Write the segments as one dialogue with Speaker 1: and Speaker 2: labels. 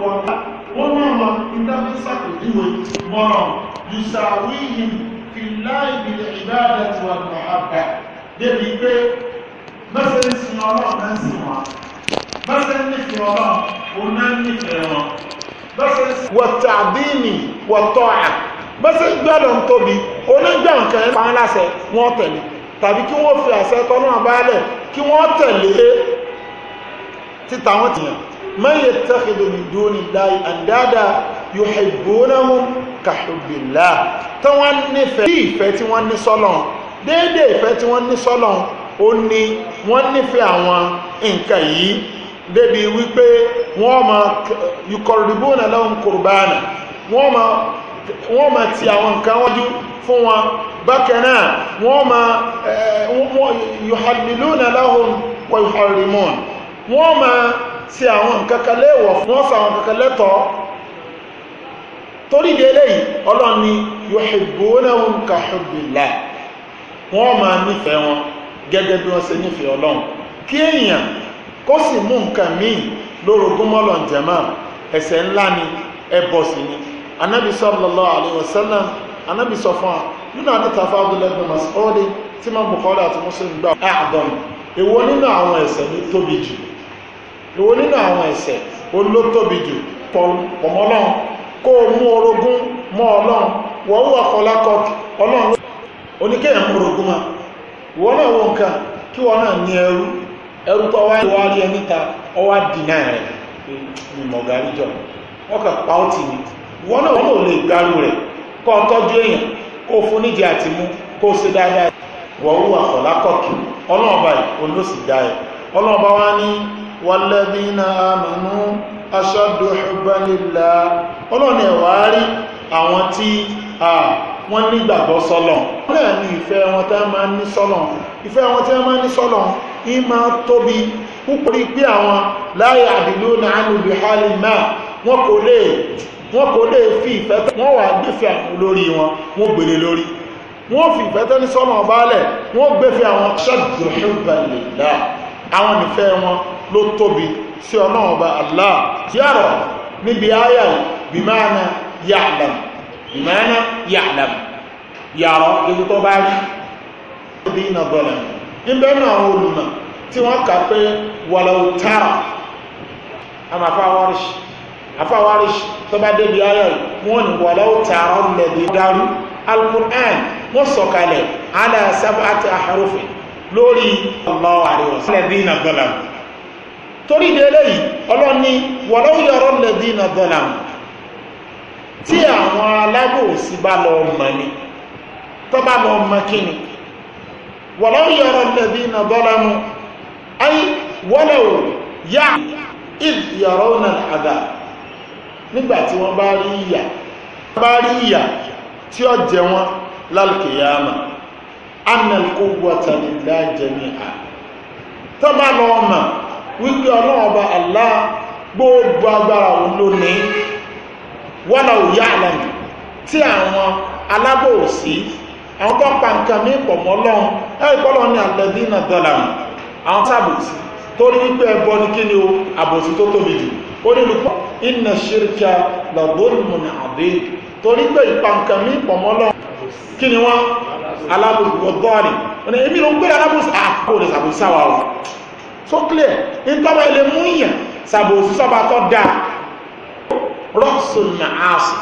Speaker 1: wọ̀nà wọ́n mọ̀ lọ ìdáfẹ́ sàkójúwe mọ̀rọ̀ yùsàwíyìn fìláì bìlẹ̀ ìbáàdà tí wà ní àbá débi pé mẹ́sẹ̀ ń sin ọlọ́run náà sì wọ́n mẹ́sẹ̀ ń nífẹ̀ẹ́ ọlọ́run òun náà nífẹ̀ẹ́ wọn mẹ́sẹ̀ wọ̀tàdínì wọ̀tọ́ à mẹ́sẹ̀ gbọ́dọ̀ ń tóbi onígbà nǹkan ẹ̀ pa ń láṣẹ tẹ̀lé tàbí kí wọ́n fi àṣẹ tọ́nú àbáyálẹ̀ kí wọ́n tẹ̀lé títà wọn tìyàn man yattakhidhu min dunillahi andada yuhibbunahum ka hubbillah tí wọ́n nífẹ̀ẹ́ bí ìfẹ́ tí wọ́n ní sọ́lọ̀ déédé ìfẹ́ tí wọ́n ní sọ́lọ̀ ó ní wọ́n nífẹ̀ẹ́ àwọn nǹkan yìí débi wípé wọ́n ma yuqarribuna lahum qurbana wọ́n ma wọ́n ma ti àwọn nǹkan wájú fún wọn bákanáà wọ́n ma eh, yuhalliluna lahum wa wọ́n ma sí àwọn nǹkankan léèwọ̀ fún wọ́n sàwọn nǹkankan lẹ́tọ̀ọ́ torí di eléyìí ọlọ́ni yuhibbunahum ka hubbillah wọ́n máa nífẹ̀ẹ́ wọn gẹ́gẹ́ bí wọ́n ṣe nífẹ̀ẹ́ ọlọ́run kí èèyàn kó sì mú nǹkan míì lórogún mọ́lọ̀ jẹ̀má ẹ̀ṣẹ̀ ńlá ni ẹbọ sí ni anábì sallallahu alaihi wasallam anábì sọ fún wa nínú àdìta fáwọn Bukhari àti Muslim gbà áàdọ̀nù èwo nínú àwọn ẹ̀ṣẹ̀ ní tóbi jù ìwọ nínú àwọn ẹ̀ṣẹ̀ olótóbi jù pọ̀mọ́ kó o mú orogún mọ́ ọlọ́run wọ́n wà kọlákọ ọlọ́run oníkẹ́yàn mú orogún ma wọ́n náà wọ́n nǹkan kí wọ́n náà ní ẹrú ẹrú tó wá wá ọwá dìnà rẹ̀ ní jọ wọ́n kà pa ó tì ní wọ́n náà wọ́n náà lè gbárù rẹ̀ kọ́ ọ tọ́jú èèyàn kó o fún nídìí àti mú kó o ṣe dáadáa wọ́n ọlọ́run báyìí olóṣì ọlọ́run bá wá ní والذين آمنوا أشد حبا لله ọlọ́ni ẹ̀wà rí àwọn tí wọ́n nígbàgbọ́ sọ́lọ̀ náà ni ìfẹ́ wọn tí a máa ní sọ́lọ̀ ìfẹ́ wọn tí a máa ní sọ́lọ̀ ní máa tóbi púpọ̀ rí pé àwọn láyé àdìlú náà ní ìbìhálì máa wọ́n kò lè wọ́n kò lè fi ìfẹ́ wọ́n wà gbẹ́fẹ́ àwọn olórí wọn wọ́n gbèrè lórí wọ́n fi ìfẹ́ tẹ́ni sọ́nà ọba alẹ̀ wọ́n gbẹ́fẹ́ àwọn ṣọ́dù ṣọ́dù àwọn nìfẹ́ wọn ló tóbi sí ọlọ́run ọba Allah yàrọ̀ níbi ayà bìmáàna ya'lam bìmáàna ya'lam yàrọ̀ ibi tó bá rí níbi iná bọ̀lẹ̀ níbẹ̀ náà àwọn olùmọ̀ tí wọ́n kà pé walau tara àmà fáwọ́rìṣì afáwárìṣì tó bá débi ayà wọ́n ni walau lórí Allah àríwọ̀sílẹ̀ bí iná bọ̀lẹ̀ torí ìdẹ́lẹ́ yìí ọlọ́ni wọ̀lọ́wọ́ yọrọ lẹ́dí iná dọ́là tí àwọn alábòsí bá lọ mọ̀ ni tó bá lọ mọ̀ kí ni wọ̀lọ́wọ́ yọrọ lẹ́dí iná dọ́là mu ayé wọ́lọ́wọ́ yá ìyọ̀rọ̀ náà àdá nígbà tí wọ́n bá rí ìyà bá rí ìyà tí ó jẹ wọn lálùkìyàmà annal kó wọ́tà nílá jẹ́mi à tó bá lọ mọ̀ wípé ọlọ́run ọba Allah gbogbo agbára òun ló ní wọ́nà òyà àlẹ́ tí àwọn alábòòsí àwọn tó pa nǹkan ní ìpọ̀mọ́ ọlọ́run ẹ̀rìpọ́lọ́ ní àlẹ́bí náà dọ́là àwọn tábìtì torí wípé ẹbọ ní kí ni o àbòsí tó tóbi jù ó ní lùpọ̀ iná ṣíríkà lọ́gbọ́nùmùn àdé torí pé ìpa nǹkan ní ìpọ̀mọ́ kí ni wọ́n alábòsí gbọ́dọ̀ rí èmi ló ń gbé alábòsí àkókò ah, sókèlè ntọ́ba ilé mú yàn sàbò sísọba tó da rọ́ọ̀sùn nà áàsì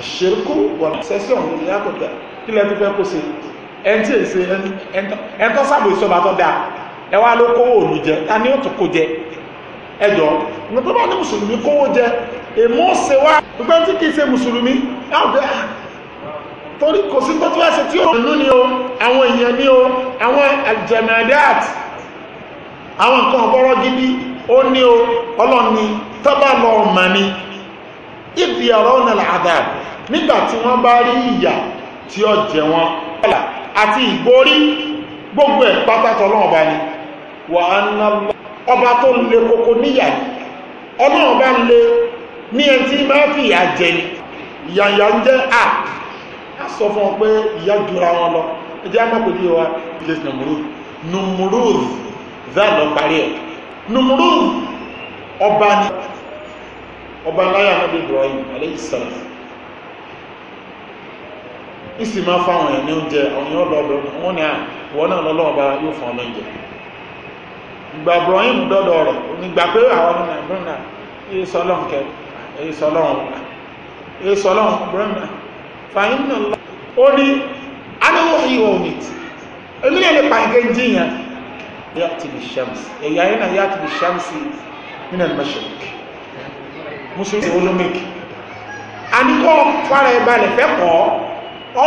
Speaker 1: àṣírkú wọn sẹ́sẹ̀ ọ̀hún ní akọ̀tà kí lẹ́tọ́ fẹ́ kó ṣe ẹ̀ntì ṣe ẹ̀ntọ́ sàbò sísọba tó da ẹ wá ló kówó òlù jẹ ta ni ó tún kó jẹ ẹ jọ nítorí wọn ní mùsùlùmí kówó jẹ èmú ṣe wá gbogbo tí kì í ṣe mùsùlùmí láwùjọ ah! torí kò sí tó tó ẹsẹ tí ó nínú ni o àwọn èèyàn ni o àwọn aljamadat àwọn nǹkan ọ̀pọ̀rọ̀ gidi ó ní o ọlọ́ni tọ́bà lọ ọmọ ni ìdí ọ̀rọ̀ ọ̀nà wọ́n bá rí ìyà tí ó jẹ wọn àti ìgbórí gbogbo ẹ̀ pátátọ̀ ọlọ́ọ̀bá ni wà á ná ọba tó le koko níyà ọlọ́ọ̀bá ní tí máa fi ìyà jẹ ni ìyàyà ń à á sọ fún ọ pé jura wọn lọ wa ilé zan lọ parí ẹ̀ nùmùrù ọba ní ọba láyà náà bí Ibrahim aleyhisselam ìsì máa fáwọn èèyàn ní oúnjẹ àwọn èèyàn lọ́dọ̀ wọn ni àwọn náà lọ́lọ́wọ́ bá yóò fún ọ lóúnjẹ ìgbà Ibrahim dọ́dọ̀ rẹ̀ nígbà pé àwọn ọmọ Ibrahim náà èyí sọ lọ́n kẹ yàtì bí ṣàmsì ẹ̀yà yìí náà yàtì bí ṣàmsì nínú al-mashriq mùsùlùmí ṣe olómìkì a ní kọ́ fara ìbalẹ̀ fẹ́ kọ́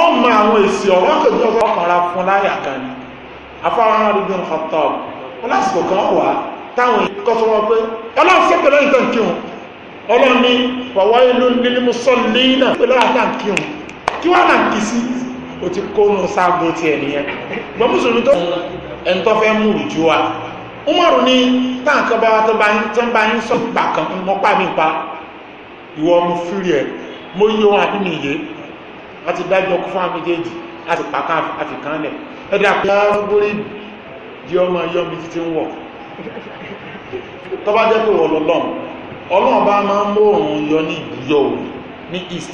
Speaker 1: ọmọ àwọn èsì ọ̀rọ̀ kẹjọ ọkànra fún láyà kan ní afárán arúgbó Khattab wọn lásìkò kan wà táwọn ìkọsọ wọn pé ọlọ́run sí pẹ̀lú ìtàn kírun ọlọ́run ní fawailun lil musallina pẹ̀lú àtàn kírun kí wọ́n náà kì sí o ti kó nù sáàgbó tiẹ̀ nìyẹn gbọ́n mùsùlùmí tó ẹni tó fẹ́ mú ìjú wa Umaru ní táǹkan bá tó bá ń sọ gbà kan mọ́ pa mí pa ìwọ mo fúri ẹ mo yí ohun àbí mi yé láti dájọ́ kú fún àméjèèjì láti pàtàkì àfikàn lẹ̀ ẹ̀dá pé arúgbórí di ọmọ yọmi títí ń wọ̀ tó bá jẹ́ pé ọlọ́lọ́m ọlọ́run bá máa ń mú òun yọ ní ìbúyọ òun ní east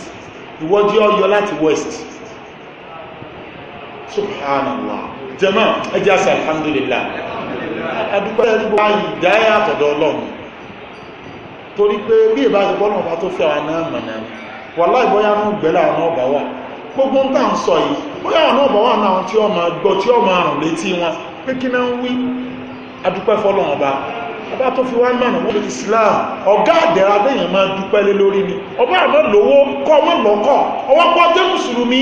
Speaker 1: ìwọ́jú ọyọ láti west subhanallah jẹ́mọ́ ẹjẹ́ àṣà alhamdulillah adúpẹ́ gbogbo ayì dáyà àtọ̀dọ̀ ọlọ́run torí pé bí ìbá ti bọ́nà ọba tó fẹ́ àwọn náà mọ̀nà wà láìbọ́yá ní gbẹ̀lá àwọn ọba wà gbogbo ń tà ń sọ yìí bóyá àwọn ọba wà náà tí ọmọ gbọ́ tí ọmọ àrùn létí wọn pé kí náà ń wí adúpẹ́ fọ́lọ́run ọba ọba tó fi wá mọ̀nà wọ́n lórí Islam ọ̀gá àdẹ̀rà bẹ́yàn máa dúpẹ́ lé lórí ni ọba àmọ́ lówó kọ́ ọmọ lọ́kọ̀ ọwọ́ pọ́ jẹ́ mùsùlùmí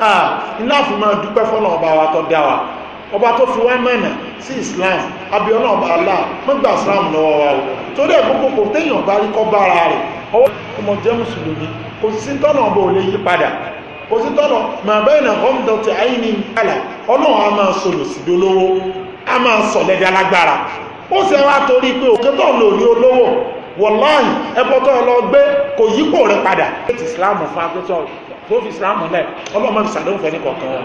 Speaker 1: ah iláàfin máa dúpẹ́ fọ́nà ọba wa tó dá wa ọba tó fi wá mẹ́nà sí islam abẹ́ ọba aláà mọ́gbà islam lọ́wọ́ wa o torí ẹ̀ gbogbo téèyàn bá rí kọ́ bára rẹ̀ ọwọ́ ọmọ jẹ́ mùsùlùmí kò sí tọ́nà ọba ò lè yí padà kò sí tọ́nà màbẹ́ ìnà ọmọdọ̀tì àìní kálà ọlọ́run a máa sọ̀rọ̀ sí dolówó a máa sọ̀lẹ́dẹ̀ alágbára ó sì wá torí pé òkè tó lò ní olówó wọ̀láhìn ẹbọ tó lọ gbé kò yípo rẹ̀ padà tó fi islam lẹ̀ ọlọ́mọ fi sàdéhùn fẹ́ ní kọ̀ọ̀kan wọn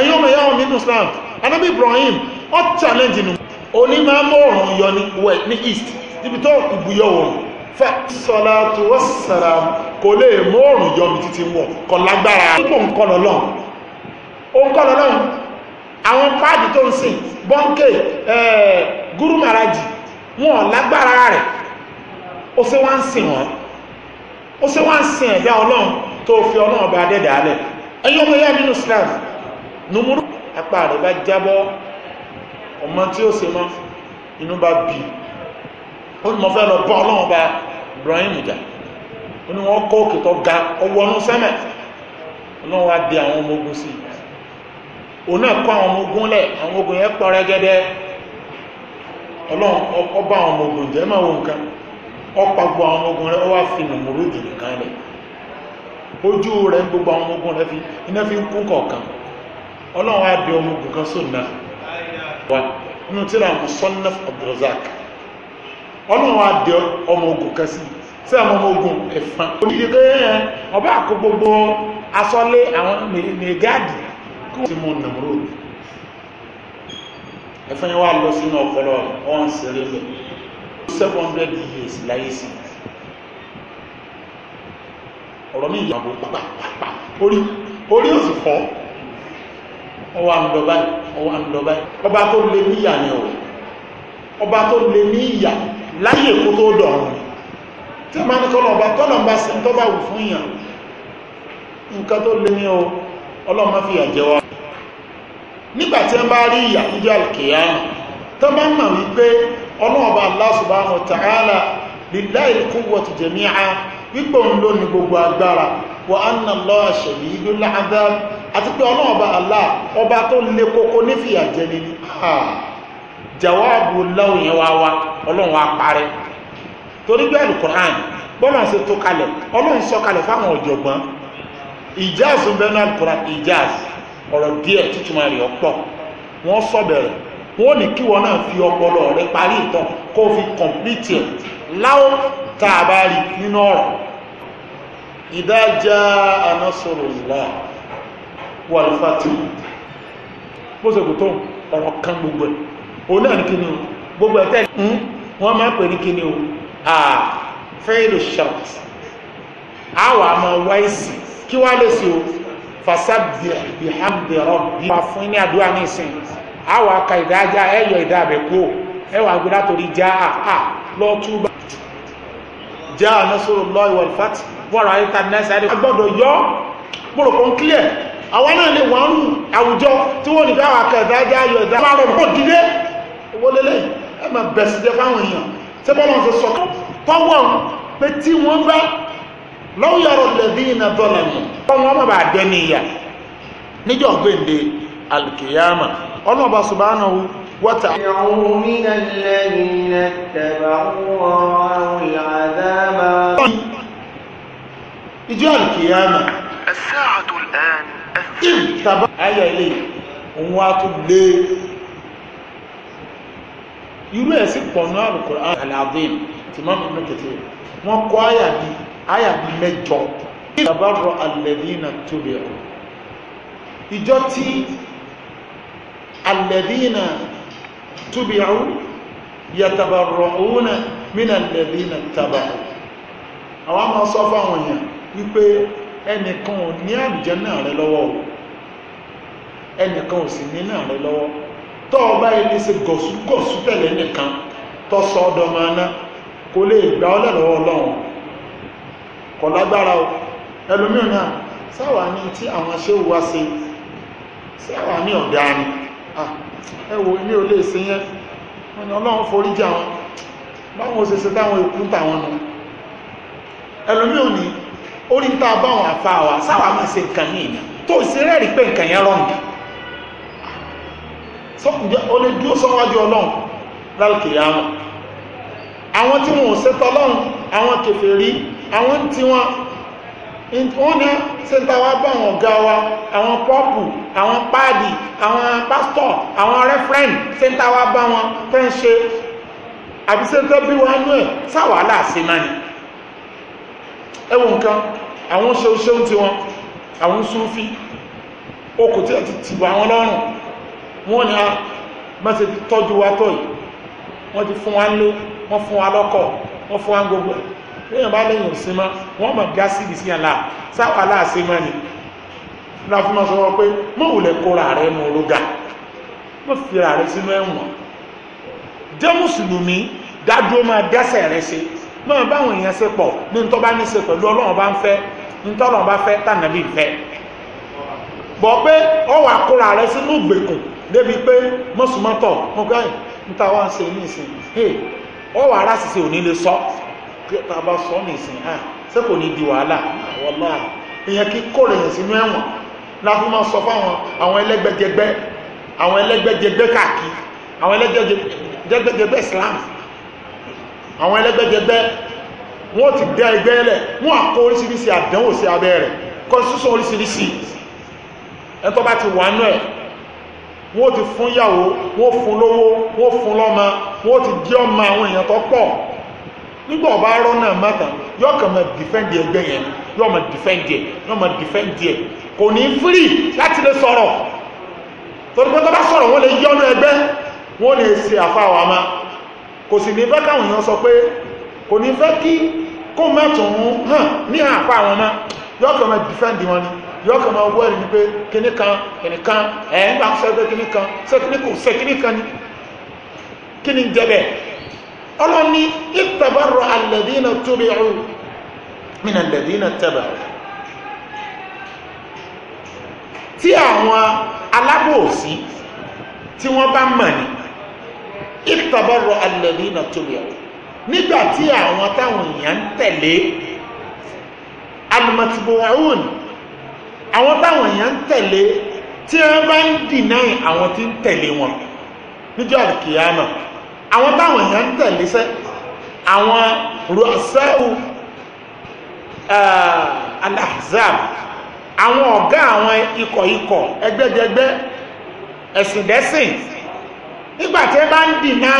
Speaker 1: ẹ̀yin ọmọ ìyá ọmọ inú islam anábì ibrahim ọ challenge nù oní máa mọ́ ọ̀rùn yọ ní west ní east níbi tó ìbúyọ òòrùn fẹ́ sọlá tó wọ́n sàrà kò lè mọ́ ọ̀rùn yọ mi títí wọn kọ̀ lágbára púpọ̀ nǹkan lọ́n ó ń kọ́ lọ́n àwọn páàdì tó ń sìn bọ́ńkè gúrú màrájì wọn lágbára rẹ̀ ó sì wá ń sìn wọn ó sì wọ́n sin ẹ̀dá ọlọ́run tó fi ọlọ́run ọba adẹ́dà alẹ̀ ẹyọ́mọ ẹyá nínú islam numuru apá rẹ̀ bá jábọ́ ọmọ tí ó ṣe mọ́ inú bá bì ó ní mo fẹ́ lọ bá ọlọ́run ọba Ibrahim jà ó ní wọ́n kọ́ òkè tó ga ọwọ́ ọdún sẹ́mẹ̀ ọlọ́run wá di àwọn ọmọ ogun sí òun náà kọ́ àwọn ọmọ ogun lẹ̀ àwọn ogun yẹn pọ̀ rẹ́gẹ́dẹ́ ọlọ́run ọba àwọn ọmọ ogun jẹ́ máa wo nǹkan Ọ gbogbo àwọn ọmọogun rẹ̀ ó wá fi nùmùrúdù nìkan rẹ̀ ojú rẹ̀ gbogbo àwọn ọmọogun rẹ̀ fi iná fi ń kún kọ̀ọ̀kan ọlọ́run á kan sóòna wa nínú tí ra musonnaf abdulrazak ọlọ́run á bí kan sí ọba àkó gbogbo asọ́lé àwọn kí wọ́n ti mú seven hundred years láyé sí ọ̀rọ̀ mi ìyàwó pàpàpàpà orí orí òsì fọ́ ọwọ́ àmúdọ̀bá ọwọ́ àmúdọ̀bá ọba tó lè ní ìyà ni ọ̀rọ̀ ọba tó lè ní ìyà láyé kó tó dọ̀rùn tí a máa ní kọ́lọ̀ ọba tọ́lọ̀ bá sí tọ́ bá wù fún ìyàn nǹkan tó lè ní o ọlọ́mọ fi àjẹ́ wa nígbà tí wọ́n bá rí ìyà níjọ́ àlùkìyà tó bá mọ̀ wípé ọlọ́ọ̀bá Allah subhanahu wa ta'ala lillahil quwwatu jami'a gbígbọ̀n ló ní gbogbo agbára wa anna Allaha shadidul 'adhab àti pé ọlọ́ọ̀bá Allah ọba tó lè kókó ní fìyà jẹ ni ní jàwáàbù láwọn yẹn wá wá ọlọ́run wọ́n sọ wọ́n ní kí wọ́n náà fi ọpọlọ rẹ̀ parí ìtàn kó fi kọ̀m̀plìtì ẹ̀ láó tá a bá rí nínú ọ̀rọ̀ ìdájá anásọ̀rọ̀lá wà lùfàtí bó ṣe kò tó ọ̀rọ̀ kan gbogbo ẹ̀ òun náà ní kí ni gbogbo ẹ̀ tẹ́lẹ̀ ń wọ́n máa pè ní kí ni o fẹ́ẹ̀lù ṣàt àwọ̀ àmọ́ wáìsì kí wá lè ṣe o fàṣàbíà bìhàmdìrọ̀ bí wà fún ní àdúrà ní ìsìn àwọn aka ìdájá ẹ̀yọ̀ ìdá abẹ̀ kú ẹwà gbé látòrí já àà lọ túbà já ànásòrò lọ ìwọ̀ ìfàtí wọ́n ra ẹ̀ta nẹ́sà ẹ̀dẹ̀ gbọ́dọ̀ yọ mọ̀rọ̀ kan clear àwọn náà lè wọ́n rú àwùjọ tí wọ́n nìkan àwọn aka ìdájá ẹ̀yọ̀ ìdá máa rọ̀ mọ́ dídé owó lélẹ̀ ẹ máa bẹ̀sì jẹ fáwọn èèyàn tí bọ́lá ti sọ tọ́wọ́ pé tí wọ́n bá lọ́wọ́ yọrọ̀ lẹ́bí iná dọ́là nù alkiyama ọlọ́ọ̀bá subhanahu wa ta'ala ìjọ alkiyama ìtàbá ayà ilé òun wá tó lé irú ẹ̀ sí pọ̀nà Al-Qur'an al-Azim tí máa mú kẹtẹ wọ́n kọ́ ayà bí ayà bí mẹ́jọ ìtàbá rọ alladhina ìjọ tí alẹ́dínà túbìrú yàtàbàrọ̀húnà mínà alẹ́dínà tàbà àwọn ọmọ sọ fáwọn èèyàn wípé ẹnìkan ò ní àlùjànnà rẹ lọ́wọ́ o ẹnìkan ò sì ní náà rẹ lọ́wọ́ tọ́ ọba ẹni ṣe gọ̀súgọ̀sú tẹ̀lé nìkan tọ́ sọ ọdọ̀ máa ná kò lè gbà ọ́ lẹ́lọ́wọ́ ọlọ́run kò lágbára o ẹlòmíràn náà sáwà ní tí àwọn aṣẹ́wò wá ṣe sáwà ní ọ̀dá ni Ah, ẹwò ilé ò lè sí yẹn wọ́n ni ọlọ́run forí jẹ àwọn báwọn òṣèṣe táwọn èkú tàwọn nù ẹlòmí ò ní orí ta báwọn àfa wa sáwà máa ṣe nǹkan ní ìlú tó sì rẹ́rìí pé nǹkan yẹn rọrùn sọkùnjẹ ó lè dúró sọ́wájú ọlọ́run lálùkìyà wọn àwọn tí wọn ò ṣe wọ́n ní sẹ́ńtà wa bá àwọn ọ̀gá wa àwọn pọ́pù àwọn páàdì àwọn pásítọ̀ àwọn rẹ́fẹ́rẹ́n sẹ́ńtà wa bá wọn tẹ́ ń ṣe àbí sẹ́ńtà bí wọ́n nú ẹ̀ sáwàhálà sí náà ni ẹwọ nǹkan àwọn ṣeúṣeún tí wọn àwọn súnfí okò tí a ti tìbò àwọn lọ́rùn wọ́n ni a mẹ́sẹ̀ ti tọ́jú wa tọ́ yìí wọ́n ti fún wa lé wọ́n fún wa lọ́kọ̀ wọ́n fún wa gbogbo èèyàn bá lẹ́yìn òsínmá wọ́n mọ̀ bí ásìdì sí àlá sáwà aláàsínmá ni láfúnmá sọ wọ́n pé mọ́ wùlẹ̀ kóra rẹ̀ mú ológa mọ́ fi ra rẹ̀ sínú ẹ̀wọ̀n jẹ́ mùsùlùmí dájú máa dẹ́sẹ̀ rẹ̀ ṣe máa báwọn èèyàn ṣe pọ̀ ní ntọ́ bá ní ṣe pẹ̀lú ọlọ́run bá ń fẹ́ ntọ́lọ́run bá fẹ́ tànàbí fẹ́ bọ̀ pé ọ wà kóra rẹ̀ sínú gbèkùn débi pé mọ́sùmọ́tọ̀ mọ́gbáyìn níta wá ń ṣe ní ìsìn ọ wà arásìsì ò ní lè sọ tàbá sọ nìsìn à ah, ṣé kò ní di wàhálà wọ́lá èèyàn kí kó rèyàn sínú ẹ̀wọ̀n láti máa sọ fáwọn àwọn ẹlẹ́gbẹ́jẹgbẹ́ àwọn ẹlẹ́gbẹ́jẹgbẹ́ káàkiri àwọn ẹlẹ́gbẹ́jẹgbẹ́ Islam àwọn ẹlẹ́gbẹ́jẹgbẹ́ wọ́n ti dá ẹgbẹ́ ẹlẹ̀ wọ́n àkó oríṣiríṣi àdánwò sí abẹ́ rẹ̀ constitution oríṣiríṣi ẹ̀tọ́ bá ti wà náà wọ́n ti fún yàwó wọ́n fún lówó wọ́n fún lọ́mọ wọ́n ti jẹ́ ọmọ àwọn èèyàn tó pọ̀ nígbà ọba arọ náà mọ́tàn yọ kàn máa dìfẹ́ǹdì ẹgbẹ́ yẹn yọ máa dìfẹ́ǹdì ẹ̀ yọ máa dìfẹ́ǹdì ẹ̀ kò ní fírì láti lè sọ̀rọ̀ torí pé tó bá sọ̀rọ̀ wọ́n lè yọ́nú ẹgbẹ́ wọ́n lè ṣe àfáwà máa kò sì ní fẹ́ káwọn èèyàn sọ pé kò ní fẹ́ kí kó mẹ́tùn hàn ní àpá àwọn ọmọ yọ́ kàn máa dìfẹ́ǹdì wọn ni yọ́ kàn máa wọ́ ẹ̀rí wípé kíní kan kíní kan ẹ̀ ń gbà sọ pé kíní kan sọ kíní kan ni kíní jẹ́ ọlọ́ni ìtàbárọ̀ alẹ́dínà tóbi ọ̀hún mìnà alẹ́dínà tẹ́bàrọ̀ tí àwọn alábòsí tí wọ́n bá mọ̀ ní ìtàbárọ̀ alẹ́dínà tóbi ọ̀hún nígbà tí àwọn táwọn èèyàn ń tẹ̀lé alùmọ̀tìbọ̀wọ̀hún àwọn táwọn èèyàn ń tẹ̀lé tí wọ́n bá ń dìnáì àwọn tí ń tẹ̀lé wọn níjọ́ àdìkìyàmọ̀ àwọn táwọn èèyàn ń tẹ̀lẹ́sẹ́ àwọn rọ̀ṣẹ́ù alahzab àwọn ọ̀gá àwọn ikọ̀ ikọ̀ ẹgbẹ́jẹgbẹ́ ẹ̀sìndẹ́sìn nígbàtí bá ń dì náà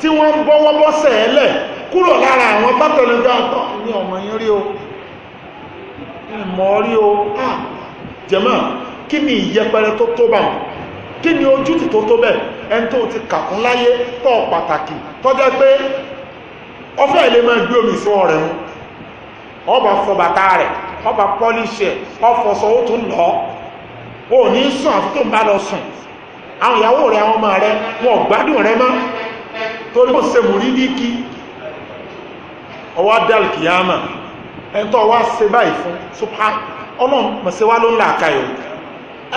Speaker 1: tí wọ́n ń bọ́wọ́ bọ́sẹ̀ ẹlẹ̀ kúrò lára àwọn bátọ̀lẹ́gbẹ́ ọ̀tọ̀ ní ọmọ yín rí o ìmọ̀ rí o ah, jẹ̀mọ́ kí ni ìyẹpẹrẹ tó tó bá wọn kí ni ojútì tó tó bẹ́ẹ̀ ẹni tó ti kàkún láyé tọ́ pàtàkì tọ́jẹ́ pé ọfẹ́ ilé máa gbé omi ìṣọ́ rẹ̀ hun ọba fọ bàtà rẹ̀ ọba pọ́líṣẹ̀ ọfọ̀sọ ó tún lọ ó ní sùn àti tó ń bá lọ sùn àwọn ìyàwó rẹ̀ àwọn ọmọ rẹ̀ wọn gbádùn rẹ̀ mọ́ torí ó ṣe mú rí díkì ọwá dàlkìyàmà ẹ̀ntọ́ wá ṣe báyìí fún ṣùpá ọlọ́run mọ̀ sí wá ló ń làkàyọ̀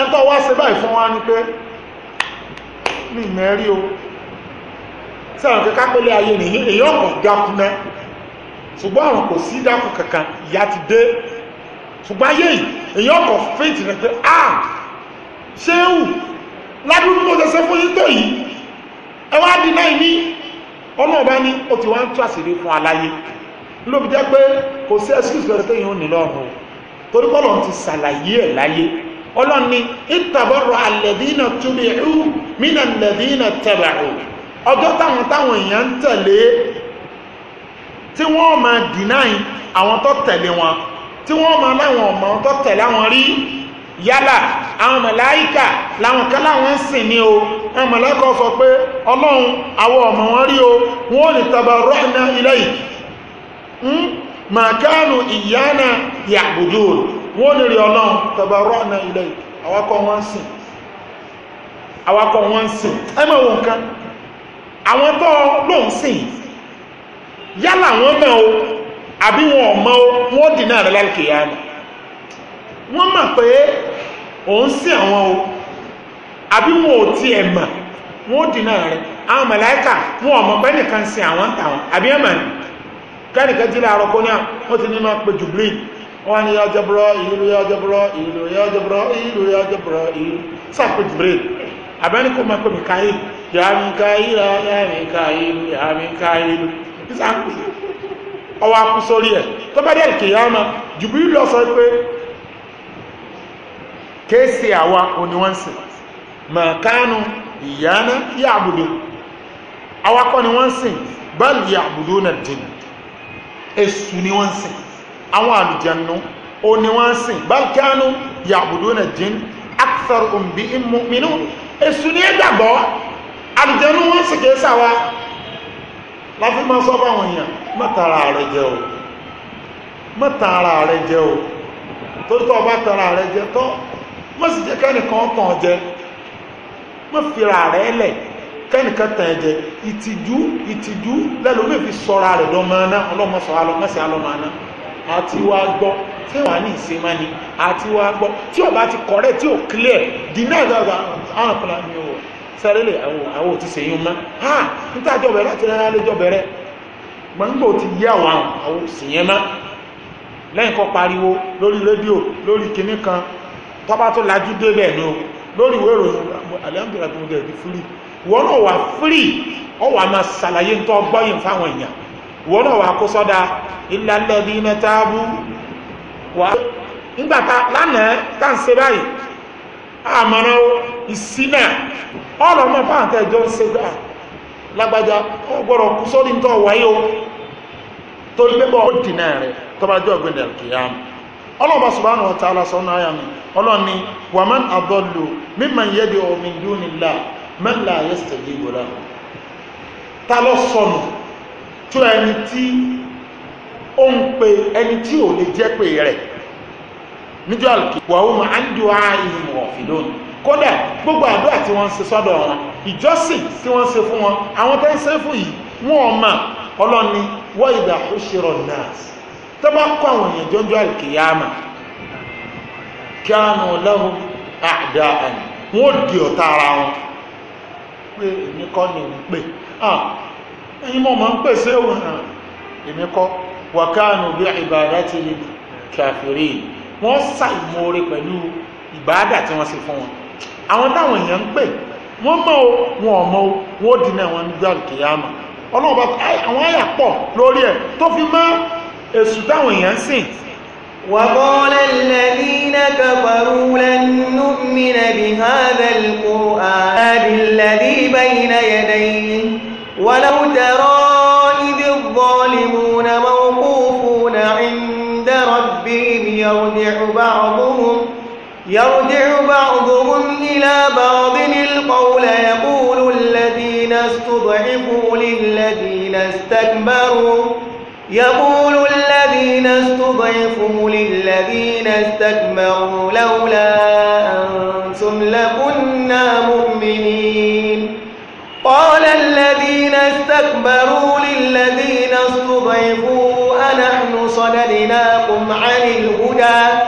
Speaker 1: ẹ̀ntọ́ wá ṣe báyìí fún wá ní pé ní ìmẹ́rí o sẹ́wọ̀n kí kápẹ́lẹ́ ayé nìyí èyàn kò dákú náà ṣùgbọ́n àwọn kò sí dákú kankan ìyá ti dé ṣùgbọ́n ayé yìí èyàn kò fèjì rẹ̀ pé a ṣé wù ládùúgbò mo ṣe ṣe fún yín tó yìí ẹ wá di náà ní ọmọ ọba ní o ti wá ń tú àṣírí fún aláyé lóbi jẹ́ pé kò sí ẹsùn ìṣòro téèyàn ò ní lọ́rùn torí pọ́lọ̀ ti ṣàlàyé ẹ̀ láyé ọlọ́run ní ìtàbọ̀rọ̀ alladhina tubi'u min alladhina taba'u ọjọ́ táwọn táwọn èèyàn ń tẹ̀lé tí wọ́n máa deny àwọn tó tẹ̀lé wọn tí wọ́n máa láwọn ọmọ tó tẹ̀lé àwọn rí yálà àwọn màláíkà làwọn kan láwọn ń sìn ní o àwọn màláíkà sọ pé ọlọ́run àwọn ọmọ wọn rí o wọn ò ní tabarru'na ilayk hmm? ma kanu iyyana ya'budun wọ́n lè rí ọlọ́run tabara'na ilayk àwákọ́ wọ́n sìn àwákọ́ wọ́n sìn ẹmọ̀ wọn kan àwọn tó ló ń sìn yálà wọ́n mọ̀ o àbí wọn ò mọ̀ o wọ́n dìnà rẹ̀ lálùkìyàmà wọ́n mọ̀ pé òun sìn àwọn o àbí wọn ò tiẹ̀ mọ̀ wọ́n dìnà rẹ̀ àwọn màláíkà wọn ò mọ̀ pé sìn àwọn tàwọn àbí ẹ̀mọ̀ kẹ́nìkan jí láàárọ̀ kó ní àwọn ti ní máa pe jùbìlì wọ́n ní yá jẹ́bọ́rọ́ ìlú yá jẹ́bọ́rọ́ ìlú yá jẹ́bọ́rọ́ ìlú yá jẹ́bọ́rọ́ ìlú sáàpù jìbìrìl abẹ́ni kò máa pè mí káyé yá mi káyé rà yá mi káyé yá mi káyé ìsàkù ọwọ́ akú sórí ẹ̀ tó bá dẹ̀ kì í yáma jùbìrìl lọ sọ pé kéèsì àwa òní wọ́n sìn màá kánú ìyáná yá àbùdó awakọ́ ni wọ́n sìn báàlì àbùdó náà dìnnà ni wọ́n sìn àwọn àlùjẹnu ó ní wọ́n ń sìn báńkánú yàgùdó nà dín akthar òǹbí ìmúminú èsù ní ẹgbàgbọ́ àlùjẹnu wọ́n sì kéé sàwá láti máa sọ fáwọn èèyàn mọ́tara rẹ jẹ o mọ́tara rẹ jẹ o torí tó bá tara rẹ jẹ tọ́ wọ́n sì jẹ́ kẹ́nìkan tàn jẹ wọ́n fira rẹ ìtìjú ìtìjú lẹ́lòmí fi sọ́ra rẹ̀ dọ́mọ́ náà ọlọ́mọ sọ́ra lọ́mọ́sí àti wá gbọ́ tí wàá ní ìsinmi ni àti wá gbọ́ tí ọba ti correct tí ò clear di náà gbàgbà àwọn kan ní o sẹ́rẹ́ lè àwọn ò ti sèyún mọ́ ha níta jọ bẹ̀rẹ̀ láti rárá lójọ bẹ̀rẹ̀ gbọ́ngbò ti yẹ àwọn àwọn òsìyẹn mọ́ lẹ́yìn kan pariwo lórí rédíò lórí kinní kan tọ́ba tó lajú débẹ̀ ni o lórí ìwé ìròyìn alhamdulilayi tó ń gẹ̀ di fúlì wọ́n náà wà fúlì ọ wà máa ṣàlàyé ń tọ́ gbọ́yìn fáwọn èèyàn wọ́n náà wà kó sọ́dá illa alladhina tabu wà nígbàtà lánàá tàǹsẹ báyìí àmọ́nà ìsínà ọ̀rọ̀ ọmọ fáǹtẹ̀ ìjọ ń ṣe gbà lágbàjá ọgbọ́rọ̀ kú sórí ń tọ́ wáyé o tó lé bọ́ dìnà rẹ̀ tọ́bájọ́ ọ̀gbẹ̀dẹ̀ kìyàm ọlọ́ọ̀bá subhanahu wa ta'ala àyà mi ọlọ́ọ̀ni wa man adallu mimman yad'u min dunillahi man la yastajibu ta lọ sọnù tó ẹni tí ó ń pe ẹni tí ò lè jẹ́ pé rẹ̀ níjọ́ àlùkìwà ó máa ń dùn ààyè kódà gbogbo àdúrà tí wọ́n ń sọ́dọ̀ wọn ìjọsìn tí wọ́n ń fún wọn àwọn tó ń ṣe fún yìí wọn ò ọlọ́ni wọ́n ìgbà ó ṣe rọ̀ náà tó bá kó àwọn èèyàn jọjọ́ àlùkìyàmà kí á nà ọlọ́run àdá àná wọn ò di ọ̀tá ara wọn pé èmi kọ́ ni ń pè ah, ìmọ̀ ma ń pèsè òun hàn èmi kọ́ wàkánù bí ìbàdà ti kàfìrí wọ́n ṣàìmoore pẹ̀lú ìbàdà tí wọ́n ṣe fún wọn àwọn táwọn èèyàn ń pè wọ́n mọ̀ wọn ò mọ̀ o dínà wọn nígbà kìyàmà ọlọ́ọ̀bá àwọn àyà
Speaker 2: pọ̀ lórí ẹ̀ tó fi mọ́ èṣù táwọn èèyàn sìn وقال الذين كفروا لن نؤمن بهذا القرآن الذي ولو ترى إذ الظالمون موقوفون عند ربهم يرجع بعضهم يرجع بعضهم إلى بعض القول يقول الذين استضعفوا للذين استكبروا يقول الذين استضعفوا للذين استكبروا لولا أنتم لكنا مؤمنين استكبروا للذين استضعفوا أنحن صددناكم عن الهدى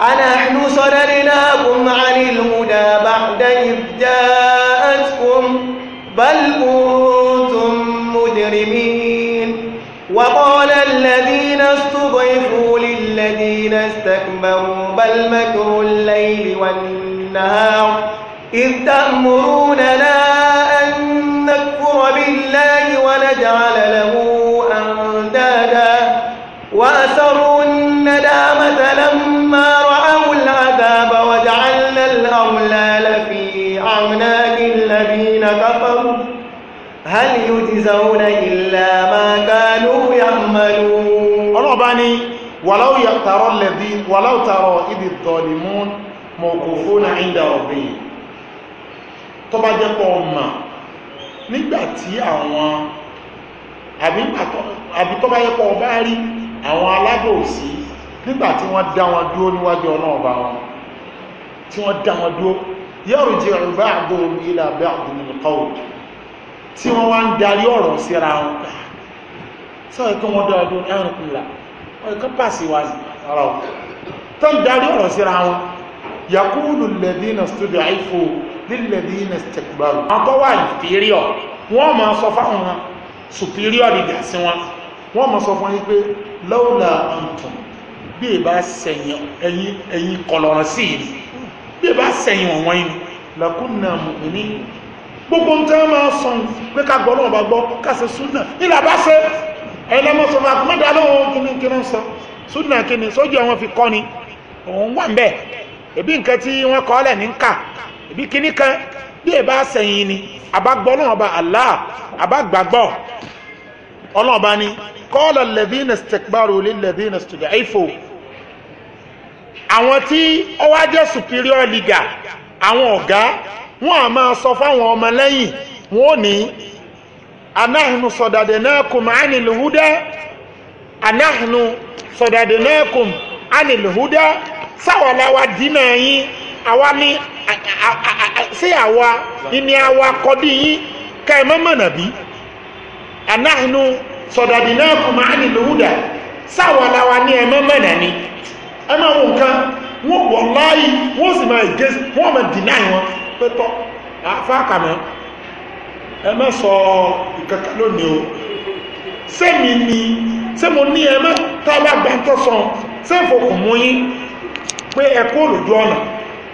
Speaker 2: أنحن صددناكم عن الهدى بعد إذ جاءتكم بل كنتم مجرمين وقال الذين استضعفوا للذين استكبروا بل مكر الليل والنهار إذ تأمروننا لله ونجعل له أندادا وأسروا الندامة لما رأوا العذاب وجعلنا الأغلال في أعناق الذين كفروا هل يجزون إلا ما كانوا يعملون رباني ولو ترى الذين
Speaker 1: ولو ترى إذ الظالمون موقوفون عند ربهم طبعا bá jẹ́ nígbàtí àwọn àbítọ́bá yẹ́pọ̀ ọba rí àwọn alábòsí nígbàtí wọ́n dá wọn dúó níwájú ọlọ́ọ̀bá wọn tí wọ́n dá wọn dúó yẹ́rù jẹ́ ọ̀rùbá àgbò omi ilẹ̀ àbẹ́ àdúnnìkọ́ tí wọ́n wá ń darí ọ̀rọ̀ síra wọn sọ́rọ̀ kí wọ́n dá ọdún ẹ̀rùn kúlà ọ̀rẹ́kọ́ pàṣẹ wá ọ̀rọ̀ lilladhina istakbaru àtọ́wà inferior wọ́n máa sọ fáwọn superior leader sí wọn wọ́n máa sọ fún yín pé lawla antum bí ìbá sẹ̀yìn ẹ̀yìn kọlọ̀rọ̀ sí i bí ìbá sẹ̀yìn wọ̀n yín lakunna mu'minin gbogbo ń tẹ́ máa sọ pé ká gbọ́ náà bá gbọ́ ká ṣe súnà nílà bá ṣe ẹ̀yìn lọ́mọ sọ máa mọ́dà lọ́wọ́ kíní kíní sọ súnà kíní sójú àwọn fi kọ́ ni òun wà ń bẹ̀ ẹ̀bí nǹkan tí wọ́n kọ́ lẹ̀ ní ń kà ibi kíní kan bí ẹ bá sẹ́yìn ni àbágbọ́ ọlọ́run ọba Allah àbágbàgbọ́ ọlọ́run ọba ni qala alladhina istakbaru lilladhina istud'ifu àwọn tí ó wá jẹ́ superior leader àwọn ọ̀gá wọn a máa sọ fáwọn ọmọ lẹ́yìn wọn ò ní anáhùnú sọ̀dàdẹ̀nàkùn ánìlúhúdá anáhùnú sọ̀dàdẹ̀nàkùn ánìlúhúdá sáwọ̀láwà dínà yín àwa ni ṣé àwa ìní àwa kọ́dí yín ká ẹ mọ́mọ́ nàbí anáhùnú sọ̀dàdì náà kò máa ní lòwúdà sáwà làwa ní ẹ mọ́mọ́ nàní ẹ máa wọ nǹkan wọ́n wọ̀ láàyè wọ́n sì máa gé wọ́n máa dìnnà wọn pẹ́tọ́ àfáàkàmọ́ ẹ má sọ ìkankan lónìí o sẹ́mi ni ṣé ní ẹ má tábà gbàtọ́ sọ ṣé fòkùn pé ẹ kó lójú ọ̀nà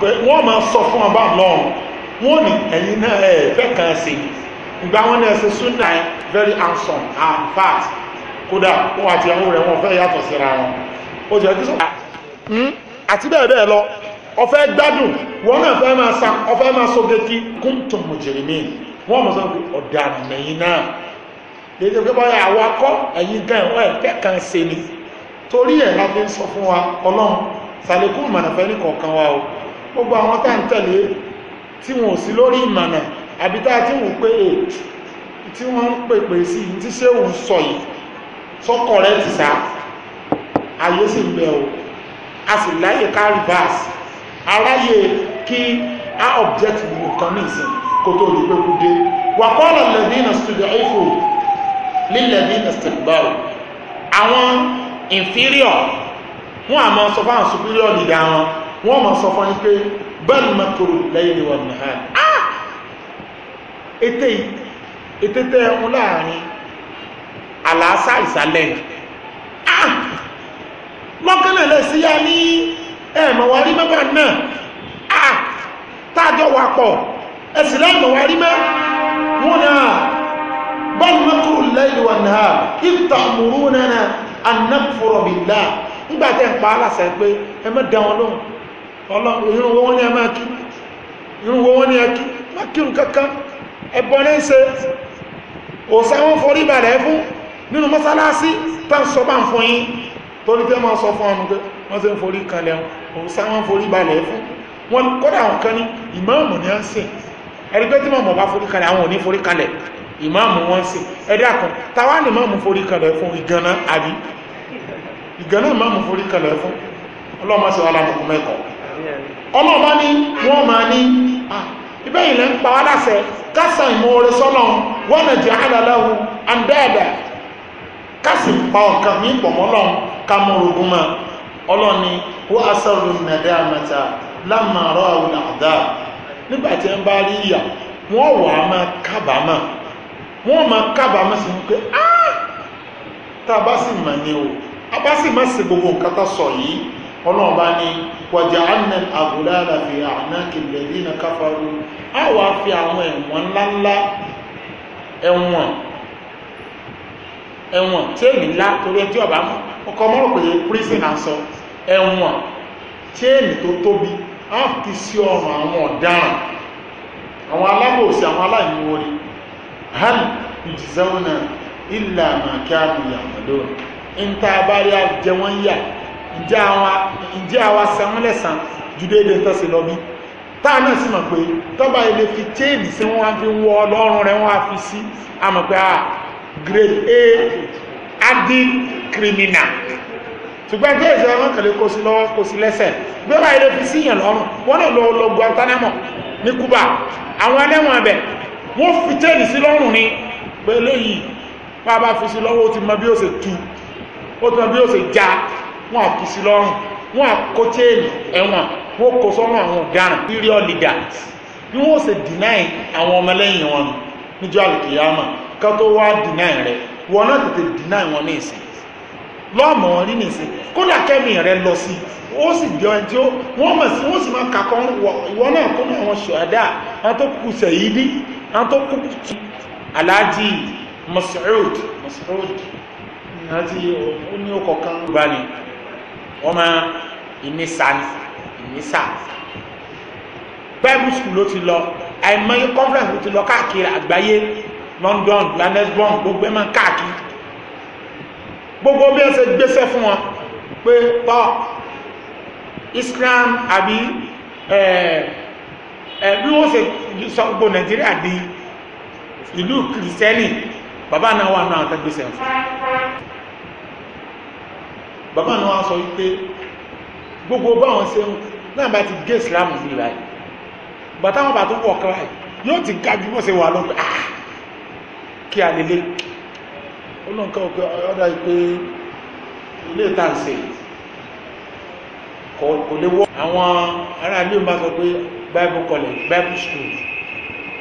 Speaker 1: pé wọ́n máa sọ fún ọba lọ́run wọ́n ní ẹ̀yin náà ẹ̀ fẹ́ kàn sí ìgbà wọn náà ṣe súnà very handsome and fat kódà wọn àti àwọn rẹ̀ wọn fẹ́ yàtọ̀ síra wọn ó jẹ́ kí sọ́kà hmm? àti bẹ́ẹ̀ bẹ́ẹ̀ lọ ọfẹ́ gbádùn wọn náà fẹ́ máa sa ọfẹ́ máa sọ gẹ́kí kúntùn mùjìrìmí wọ́n mọ̀ sọ́kà ọ̀daràn mẹ́yìn náà lẹ́yìn pé bọ́yá àwọn akọ́ ẹ̀yìn gan ẹ̀wọ́ ẹ̀fẹ́ kan ṣe ni torí ẹ̀ la fi ń sọ fún wa ọlọ́run sàlékún mọ̀nàfẹ́ ní kọ̀ọ̀kan wa o gbogbo àwọn tá ń tẹ̀lé tí wọ́n sí lórí ìmọ̀nà àbítá tí wọ́n pé tí wọ́n ń pèpè sí tí ṣé òun sọ yìí sọ́kọ̀ rẹ̀ ti sá ayé sì ń bẹ o a sì láyè ká rìbáàsì aráyè kí a object gbogbo kan ní ìsìn kó tó lè gbégbó dé wàkọ́ọ̀lọ̀ lẹ́dínà stud'ifu lílẹ̀dínà stikbaru àwọn inferior wọ́n àmọ́ sọ fáwọn superior leader wọn wọ́n ma sọ fún ní pé bẹ́ẹ̀ mẹ́kòrò lẹ́yìn wọn ní ha ah! ètè tẹ́ ẹkùn láàrin àlàásà ìsàlẹ̀ ah! mọ́kànlẹ̀ sí ya ní ẹ̀mọ̀wárí mẹ́bà náà ah! tájọ́ wà pọ̀ ẹ̀sìlẹ̀ ẹ̀mọ̀wárí mẹ́ wọ́n náà bẹ́ẹ̀ mẹ́kòrò lẹ́yìn wọn ní ha ọlọ́run wọ́n ní ẹmá kí irun wọ́n ní ẹkí lákírùn kankan ẹbọ ní ṣe òsà wọ́n forí bàrẹ̀ fún nínú mọ́sálásí tán sọ bá ń fún yí tó ní tẹ́ ma sọ fún ọmọ wọ́n ṣe ń forí kalẹ̀ òsà wọ́n forí bàrẹ̀ fún wọ́n kọ́dà àwọn kan ní ìmáàmù ní ń sìn ẹgbẹ́ tí mọ̀mọ̀ bá forí kalẹ̀ àwọn ò ní forí kalẹ̀ ìmáàmù wọ́n sìn ẹ̀dẹ́ àkàn tàwa ni máàmù forí kalẹ̀ fún ìgànnà àbí ìgànnà forí kalẹ̀ fún ọlọ́mọ sí wa mẹ́kọ̀ọ́ ọlọ́ọ̀bá ní wọ́n máa ní ibẹ́ ah, ilẹ̀ ń pa aláṣẹ kásà ìmọ̀ọ́rẹ́ sọ́nà wọ́n jẹ́ àdàláwù àndáàdà kásì pa ọ̀kan ní pọ̀mọ́lọ́ kamọ̀rọ̀gùn ọlọ́ni wọ́n asọ́rọ̀ nàdá àmàtà lámàrọ̀ àwọn àdá nígbàtí ń bá rí ìyà wọ́n wà á máa kábàámà wọ́n máa kábàámà sí wípé ah, tá a bá sì mà ní o a bá sì sọ yìí ọlọ́run bá ní wàjà annan àgùlára fi àná kìlẹ̀dí na káfàrú a wà fi àwọn ẹ̀wọ̀n ńláńlá ẹ̀wọ̀n ẹ̀wọ̀n tí èyí ńlá torí ẹjọ́ ọ̀bá mọ́ ọkọ̀ mọ́rọ̀ pé prison and sọ ẹ̀wọ̀n tí èyí tó tóbi a fi sí ọrùn àwọn ọ̀daràn àwọn alábòsí àwọn aláìníwórí hàn ìjìzẹ́wọ̀n náà ìlànà kí a mú ìyàmọ̀lórí ń ta abárí àjẹwọ́n yà ǹjẹ́ àwa sẹ́wọ́n lẹ́sàn ju déédé ń tọ́sí lọ bí táà náà sì mọ̀ pé tọ́ba ilé fi chéèdì sí wọ́n fi wọ ọlọ́run rẹ̀ wọ́n á fi sí àmọ̀ pé ah, grade a adi criminal ṣùgbọ́n tí èsì ọlọ́run kẹlẹ́ kó sí lọ́wọ́ kó sí lẹ́sẹ̀ gbẹ́bà ilé fi sí ìyàn lọ́rùn wọ́n lè lọ lọ Guantanamo ní Cuba àwọn ẹlẹ́wọ̀n ẹ̀bẹ̀ wọ́n fi chéèdì sí lọ́rùn ni pẹ̀lú yìí bá a bá fi sí lọ́wọ́ ó ti mọ bí ó ṣe tu ó ti mọ bí ó ṣe já wọ́n àkìsí lọ́rùn wọ́n àkó chéèlì ẹ̀wọ̀n wọ́n kó sọ́run àwọn ọ̀daràn rírí oligarchs bí wọ́n ṣe deny àwọn ọmọlẹ́yìn wọn níjọ́ àlùkìyàmọ̀ ká tó wá rẹ wọn náà tètè deny wọn ní ìsìn lọ́ọ̀mọ̀ wọn rí ní ìsìn kódà kẹ́mi rẹ̀ lọ sí ó sì jọ ọ tí ó wọ́n mọ̀ sí wọ́n sì máa kàkọ́ náà kó àwọn ṣọ̀dá àwọn tó kú àwọn tó kú wọ́n máa ìnísà ìnísà bible school ló ti lọ àìmọye conference ló ti lọ káàkiri àgbáyé London Johannesburg gbogbo ẹ̀ máa ń káàkiri gbogbo bí wọ́n ṣe gbéṣẹ́ fún wọn pé tọ́ Islam àbí bí wọ́n ṣe sọ gbogbo Nàìjíríà di ìlú kìrìsìtẹ́nì bàbá náà wà náà tẹ́gbẹ́sẹ̀ fún bàbá náà wá sọ wípé gbogbo báwọn ṣe ń náà bá ti gé islam sí ra ẹ̀ bàtà wọn bá tó wọ̀ kára ẹ̀ yóò ti ga ju bó ṣe wà lọ́pẹ́ ah kí a lélẹ̀ olóńkà òkè ọ̀dà ìpè ilé ìtànṣe kò lè wọ́ àwọn ará ilé ìmọ̀ sọ pé bible college bible school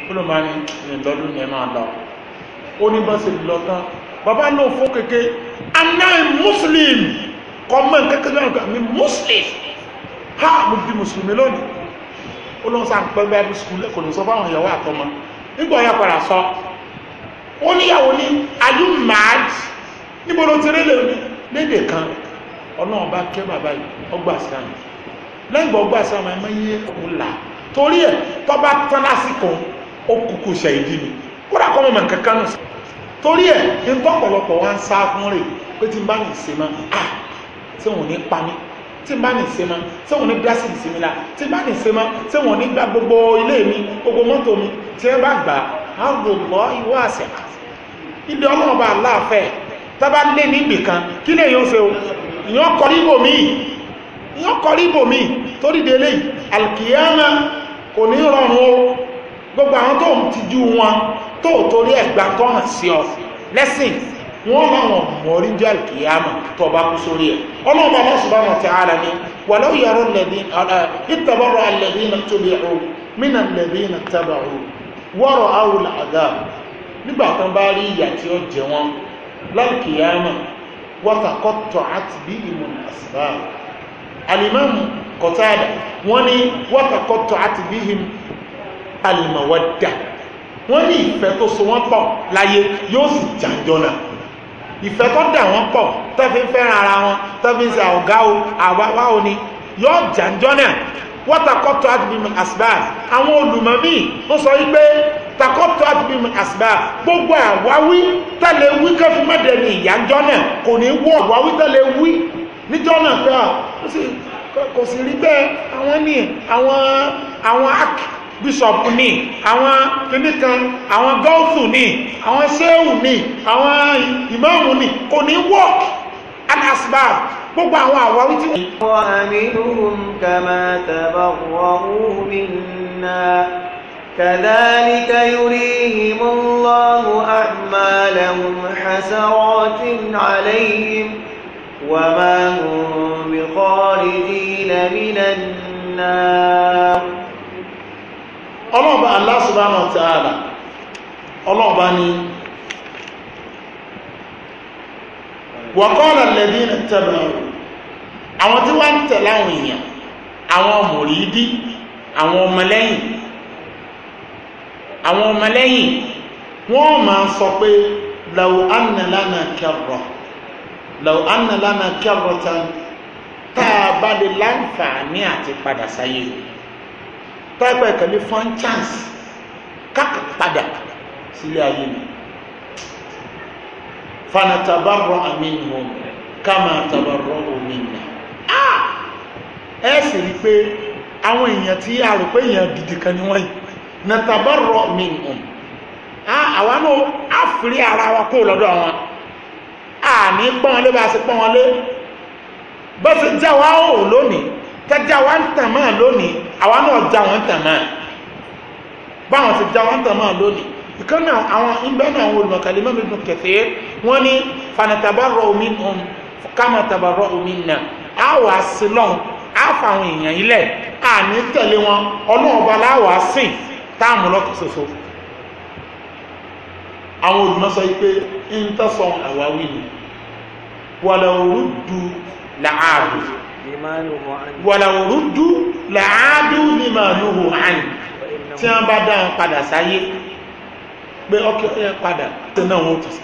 Speaker 1: kúlò máa ní ìlọ́dún ni ẹ máa lọ ó ní bá ṣe lọ tán bàbá lò fún kéke i'm now a muslim kọ́mọ̀ kẹ́kẹ́ lọ́nà kan mi muslim ha mo di mùsùlùmí lónìí ó lọ́n sá ń pẹ́ bible school kò ní sọ fáwọn ìyàwó àtọmọ nígbà ya padà sọ ó níyàwó ní are you mad níbo ló ti rélé mi léde kan ọ̀nà ọba kẹ́ bàbá yìí ọgbà sáàmù lẹ́yìn ọgbà sáàmù ẹ̀ máa yé òun là torí ẹ̀ tọ́ba tán lásìkò ó kúkú ṣe ìdí mi kódà kọ́ mọ̀mọ́ nǹkan kan nù torí ẹ̀ ń tọ́pọ̀lọpọ̀ wá ń sá fún rè pé tí n bá nì í ṣe máa ah tí wọn ò ní pa mí tí n bá ní ìsinmi tí wọn ò ní bíásì ìsinmi la tí n bá ní ìsinmi tí wọn ò ní gba gbogbo ilé mi gbogbo mọ́tò mi tí wọn bá gbà á lò lọ ìwọ àṣẹ ibi ọlọ́run bá láàfẹ́ tábà lé níbì kan kí lè yóò ṣe o ìyàn kọrí ibòmíì ìyàn kọrí ibòmíì torí délé alkiyama kò ní rọrùn o gbogbo àwọn tó ń tijú wọn tó torí ẹ̀gbà tó hàn sí ọ lẹ́sìn wọ́n máa wọ̀n mọ̀rí jẹ́ alkiyama tó bá kú sórí ẹ̀ ọlọ́ọ̀bá lọ́wọ́ subhanahu wa ta'ala ni wà lọ́wọ́ yàrá lẹ́dí ìtàbọ̀rọ̀ alẹ́dí na tóbi ọ̀ mínà lẹ́dí na tábà ọ̀ wọ́rọ̀ awul àdá nígbà kan bá rí ìyà tí ó jẹ wọn lálkiyama wọ́ta kọ́tọ̀ àti bí ìmọ̀ àsìbá alimamu kọtáàdà wọ́n ní wọ́ta kọ́tọ̀ àti bí ìmọ̀ alimawadda wọ́n ní ìfẹ́ tó so wọ́n pọ̀ láyé yóò sì jàǹjọ́ náà ìfẹ́ tó dà wọ́n pọ̀ tó fi ń fẹ́ràn ara wọn tó fi ń ṣe àwògá o àwa o ni yóò jàǹjọ́ náà wọ́n takọ́tọ̀ àdìbìmọ̀ àsìbá àwọn olùmọ̀mí ń sọ wípé takọ́tọ̀ àdìbìmọ̀ àsìbá gbogbo àwáwí tẹ́lẹ̀ wí kẹfì mọ́dẹ̀ ní ìyànjọ́ náà kò ní wọ́ àwáwí tẹ́lẹ̀ wí níjọ́ náà pé kò sì rí bẹ́ẹ̀ àwọn ní àwọn àwọn ákì bishop ní àwọn kini kan àwọn gofu ní àwọn sẹ́ẹ̀wù ní àwọn imam
Speaker 2: ní kò ní work wọ́ọ̀kì asbab gbogbo àwọn àwárí tí wo aminuhum kàmá tàbàwọ̀rù minna كذلك يريهم الله أعمالهم حسرات عليهم وما هم بخارجين من النار ọlọ́ọ̀bá Allah subhanahu
Speaker 1: wa ta'ala ọlọ́ọ̀bá ni wa qala alladhina ittaba'u àwọn tí wọ́n ń tẹ̀lé àwọn èèyàn àwọn mùrídí àwọn ọmọlẹ́yìn àwọn ọmọlẹ́yìn wọ́n máa sọ pé law anna lana karra law anna lana bá lè láǹfààní àti padà sáyé yìí táìpẹ́ ìkẹ̀lẹ́ fún chance káàkà padà sílé ayé mi fanatabarọ aminu kama tabarọ omina ah! ẹ sì rí pé àwọn èèyàn tí a rò pé èèyàn gidi kan ni wọ́n yìí natabarọ aminu ah, àwa náà ara wa kó lọ́dọ̀ àwọn àní pọ́n wọn lé bá a sì pọ́n wọn lé bó ti já wa ó lónìí kẹjá wa ń tàn mọ́ lónìí àwa náà já wọn tàn mọ́ báwọn ti já wọn tàn mọ́ lónìí ìkan náà àwọn ìgbẹ́ náà wọ́n olùmọ̀ọ́kà lè mọ́mí dùn kẹfẹ́ wọ́n ní fanatabarọ̀ omi nùn kama tabarọ̀ omi nà á wà á èèyàn ilẹ̀ á tẹ̀lé wọn ọlọ́run ọba láwà táàmù lọ́kọ̀ ṣoṣo àwọn olùmọ̀ sọ pé ń tẹ̀sán àwáwí ni wàlẹ̀ òru du làáàbò wàlàwò rúdú làádú ní màá lóhù àní tí wọ́n bá dá wọn padà sáyé pé ọkẹ́ ọ̀yẹ́ padà tó náà wọ́n tún sí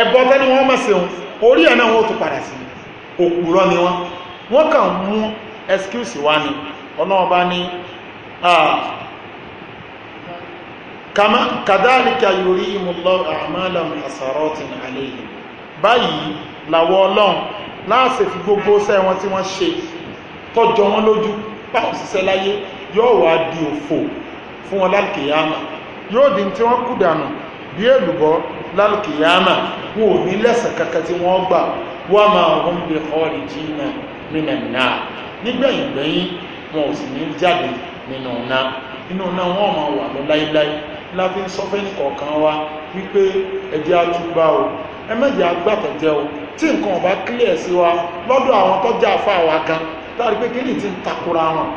Speaker 1: ẹ̀bọ́ tẹ́lẹ̀ wọ́n mọ̀ sí wọn orí ẹ̀ náà wọ́n tún padà sí òkúrọ́ ni wọ́n wọ́n kàn mú excuse wá ni ọlọ́wọ́ bá ní kàdálíkà yorí ìmúlọ àmàlà àsàrọ́tìn àlẹ́yìn báyìí làwọ ọlọ́run láàṣẹ fi gbogbo ṣẹ́ wọn tí wọ́n ṣe tọ́jọ wọn lójú páwọn ṣiṣẹ́ láyé yóò wá di òfò fún wọn lálùkìyàmà yóò di tí wọ́n kù dànù bí èlùbọ́ lálùkìyàmà wọn ò ní lẹ́sẹ̀ kankan tí wọ́n gbà wọ́n máa wọ́n bí kọ́ọ̀rì jìnnà nínú náà nígbẹ̀yìn gbẹ̀yìn wọn ò sì ní jáde nínú náà nínú náà wọ́n máa wà lọ láíláí láfi ń sọ fẹ́nìkọ̀ọ̀kan wa wípé ẹjẹ́ àtúgbà o ẹ agbátẹ̀jẹ́ o tí nǹkan ọ̀bá clear sí wa lọ́dọ̀ àwọn tó jẹ́ àfáà wa gan láti pé kíní ti ń takora wọn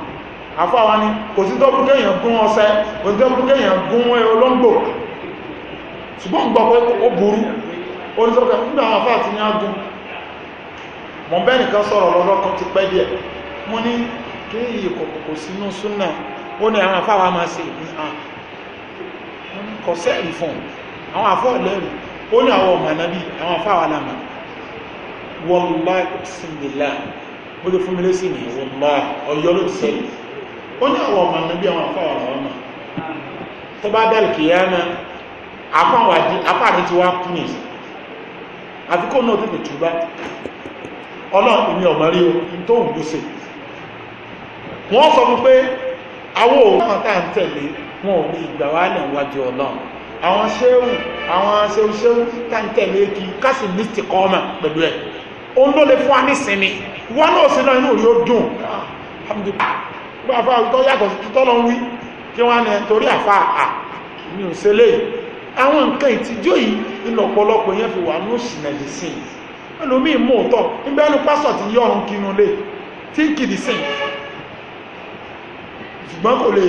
Speaker 1: àfáà wa ni kò sí tó burúkú èèyàn gún ọṣẹ kò sí tó burúkú èèyàn gún olóńgbò ṣùgbọ́n gbọ́ pé ó burú oníṣọ́kẹ́ nígbà àwọn àfáà ti ní agun mọ̀ bẹ́ẹ̀ nìkan sọ̀rọ̀ lọ́dọ̀ kan ti pẹ́ díẹ̀ mo ní kí èyí kòkòkò sínú súnà ó ní àwọn àfáà wa máa ṣe ìpín hàn kọ̀sẹ́ ìfọ̀n àwọn àfọ́ ìlẹ́rìí ó ní àwọn ọmọ ànábì àwọn àfáà wa làmàá wọ́nmá ìsìnlélá ó lè fún mi lésì ní wọ́nmá ọ̀yọ́ ló ti sẹ́lẹ̀ ó ní àwọn ọmọ níbi àwọn afáwọ̀ ọ̀rọ̀ ọmọ tó bá dá ìkìyà náà afáwọ̀ àdí afáàrí ti wá kú nìyí àfi kó náà tètè túbá ọlọ́run ìní ọ̀mọ rí o ní tó ń gbèsè wọ́n sọ fún pé àwọn òun àwọn tá à ń tẹ̀lé wọn ò ní ìgbà wà ní ìwájú ọlọ́run àwọn ṣéwù àwọn ṣéwù ṣéwù tá à ń tẹ̀lé kí kásì ní ti kọ́ ọmọ pẹ̀lú ẹ̀ òun ló lè fún wa nísinmi wọ́n náà sí náà inú rí ó dùn gbàfà tó yàtọ̀ tọ́lọ ń wí kí wọ́n ní torí àfà à mi ò ṣe léyìí àwọn nǹkan ìtìjú yìí ìlọ̀pọ̀lọpọ̀ yẹn fi wà ní òṣìnàjì sí ẹlòmíì mú òótọ́ nígbà ẹnu pásọ̀ ti yọ ọrùn kinu lé tí kìdí sí ṣùgbọ́n kò lè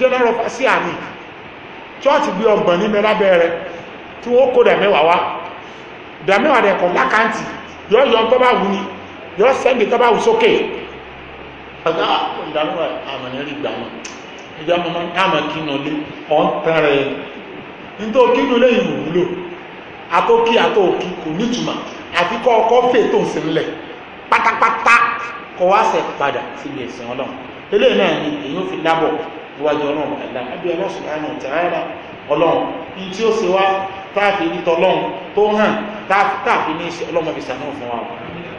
Speaker 1: general officer ní chọ́ọ̀tì gbé ọgbọ̀n ní mẹ́lábẹ́ rẹ̀ tí wọ́n kó dẹ̀ mẹ́wàá wá ìgbà mẹ́wàá rẹ̀ kọ̀ lákàntì yọ yọ tó bá wù ní yọ sẹ́ndì tó bá wù sókè ọ̀gá ìdánwò àmàlẹ́ rí gbà wọn ìjọ mọ́mọ́ àmà kínú lé ọ̀n tẹ́rẹ̀ nítò kínú lé ìwúlò àtókí àtókí kò nítumọ̀ àfi kọ́ ọkọ́ fètò sílẹ̀ pátápátá kọ́ wá sẹ̀ padà síbi ẹ̀sìn ọlọ́run eléyìí náà ni èyí ó fi lábọ̀ níwájú ọlọ́run àdá àbí ọlọ́sùn àánú tẹ̀ráyà ọlọ́run ní tí ó sì wá táàfin ní tọlọ́run tó hàn táàfin ní ọlọ́mọ fi sànú fún wa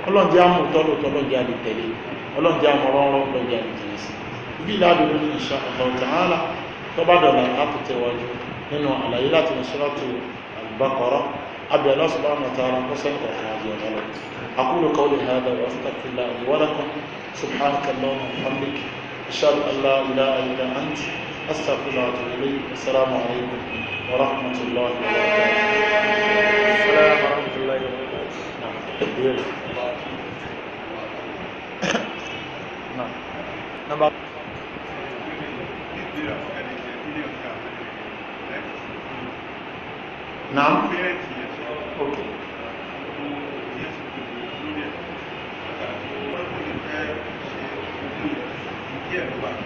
Speaker 1: ọlọ́run jẹ́ àmú tọ́lù tọ́lọ́run jẹ́ àdìtẹ̀lé ọlọ́run jẹ́ àmọ́ rọ́rọ́ ọlọ́run jẹ́ àdìtẹ̀lé sí ibi ìlàdùn ní insha Allah ta'ala tó láti tẹ̀wájú nínú àlàyé láti Suratu Al-Baqarah أبي الله سبحانه وتعالى وسلم الحاجة غلط أقول هذا وأستغفر الله لي سبحانك اللهم وبحمدك أشهد أن لا إله إلا أستغفر الله وأتوب إليه السلام عليكم ورحمة الله وبركاته
Speaker 2: السلام ورحمة الله وبركاته نعم نعم نعم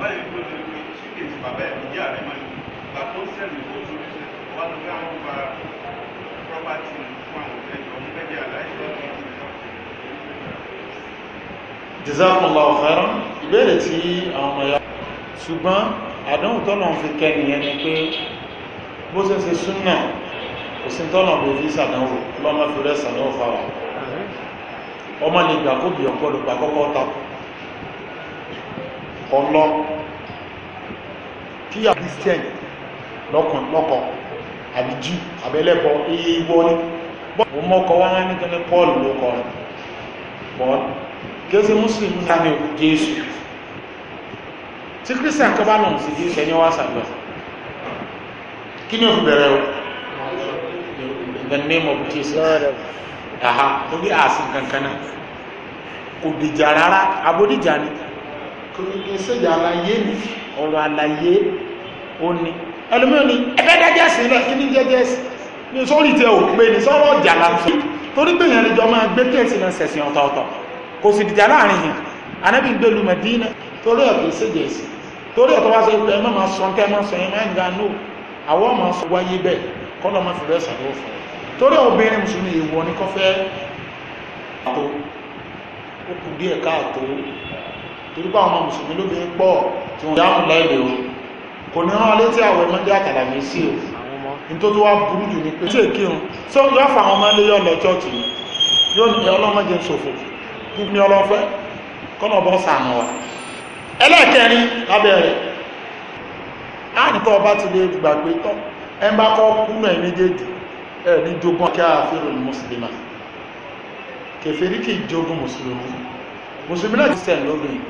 Speaker 1: bàbá yìí tó ṣe pé ṣíkè tí bàbá yìí ìyá rẹ̀ máa ń gbà tó ń sẹ́nu tó tó ṣe wá ló fẹ́ wọn gba property fún àwọn ìfẹ́jọ ọmọ gẹ́gẹ́ aláìsọ tó ti sọ. jazakallahu khairan ìbéèrè tí àwọn ọmọ ya ṣùgbọ́n àdánwò tọ́nà fi kẹ́ni yẹn ni pé bó ṣe ṣe súnà kò sí tọ́nà bó fi ṣàdánwò ọlọ́mọ fi rẹ̀ ṣàdánwò fáwọn ọmọ lè gbà kó bí ọ̀pọ̀lọpọ̀ àkọ́kọ́ takò ọlọ kíyà christian lọ́kàn lọ́kọ àbí jù àbẹ́lẹ́bọ iye igbó ní bọ́ọ̀lù mọ́kọ wá nítorí paul ló kọ bọ́ọ̀lù kéèsì muslim tani jésù tí christian kọ́ bá lòun sí jésù ẹni wá sàgbà kí ni o fi bẹ̀rẹ̀ o in the name of jesus aha torí àsìn kankana kò dìjà rárá abódìjà ni torí kí n ṣèjà àlàyé mi ọ̀rọ̀ àlàyé ó ní ẹlòmíràn ni ẹgbẹ́ dájẹ́ sí náà kí ní jẹ́jẹ́ sí ní sórí tẹ ò pé ní sọ́rọ̀ ọ̀jà làǹfà torí pé ìyẹn níjọ máa gbé kéèsì náà ṣẹ̀sìn ọ̀tọ̀ọ̀tọ̀ kò sì dìjà láàrin yẹn anábì ń gbèlú mẹ́dínà torí ọ̀tọ̀ ìṣèjà ẹ̀sìn torí ọ̀tọ̀ wá sọ pé ẹ má máa sọ kẹ́ máa sọ yẹn máa ń ga nù àwọn máa sọ wáyé bẹ́ẹ̀ kọ́ lọ́ máa fi bẹ́ẹ̀ sàdó fún un torí obìnrin mùsùlùmí ìwọ ni kọ́ fẹ́ àtò ó kù díẹ̀ káàtó torípa àwọn mùsùlùmí ló fi ń pọ̀ tí wọ́n dáhùn lẹ́lẹ̀ o kò ní rán létí àwọn ẹmọ́ jẹ́ àkàlà mi sí o ní tó tó wá burú jù ní pé tí èké hàn so yóò fa àwọn ọmọ ilé yọ lọ chọ́ọ̀tì yóò ní ọlọ́mọ jẹ́ ṣòfò ní ọlọ́fẹ́ kọ́nà bọ́ sàánù wa ẹlẹ́ẹ̀kẹrin lábẹ́ rẹ̀ á ní tọ́ ọba ti lè gbàgbé tọ́ ẹ bá kọ́ kúnà ẹ̀ méjèèjì ẹ̀ ní jogún kí a fi rìn mùsùlùmí kèfèrí kì í jogún mùsùlùmí mùsùlùmí náà ti sẹ̀ lóbìnrin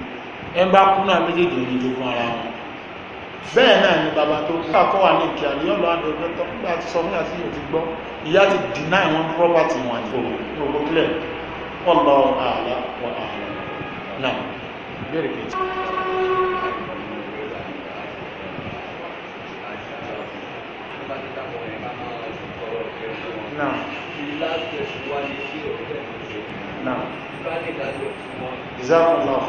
Speaker 1: ẹ bá kú náà méjèèjì ní ìjogún ara wọn bẹ́ẹ̀ náà ni bàbá tó kú àkọ́ wà ní ìkíyà ní ọ̀lọ́ àdọ́jọ́ tó kú àti sọ fún àti òtí gbọ́ ìyá ti dìná ìwọ̀n property wọn ní òwò clear ọlọ ààlà wọ ààlà náà ìbéèrè kejì. Now, the Now,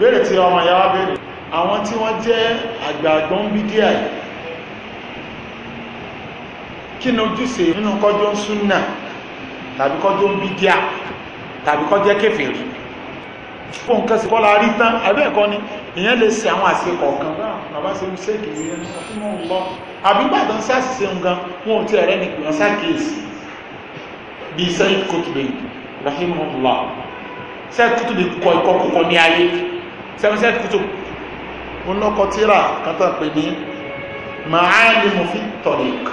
Speaker 1: ìbéèrè tí ọmọ ìyáwá béèrè àwọn tí wọ́n jẹ́ àgbààgbọ́n bí díà yìí kí ni ojúṣe nínú kọjọ́ ń súnà tàbí kọjọ́ ń bí díà tàbí kọjẹ́ kèfèrí fún nǹkan sí kọ́lá rí tán ẹ̀bẹ́ ẹ̀kọ́ ni ìyẹn lè ṣe àwọn àṣẹ kọ̀ọ̀kan bàbá ṣe ṣe kìí ẹni fún mọ́ ń lọ àbí gbàdán sí àṣìṣe nǹkan wọn ò tí ẹ̀rẹ́ ní pè wọ́n ṣàkíyèsí bíi sẹ́yìn kòtùbẹ̀ rahimahullah sẹ́yìn kòtùbẹ̀ kọ ìkọkùkọ ní ayé seventy kutub onọkọ tíra kátà pé ní ma'alimu fi tariq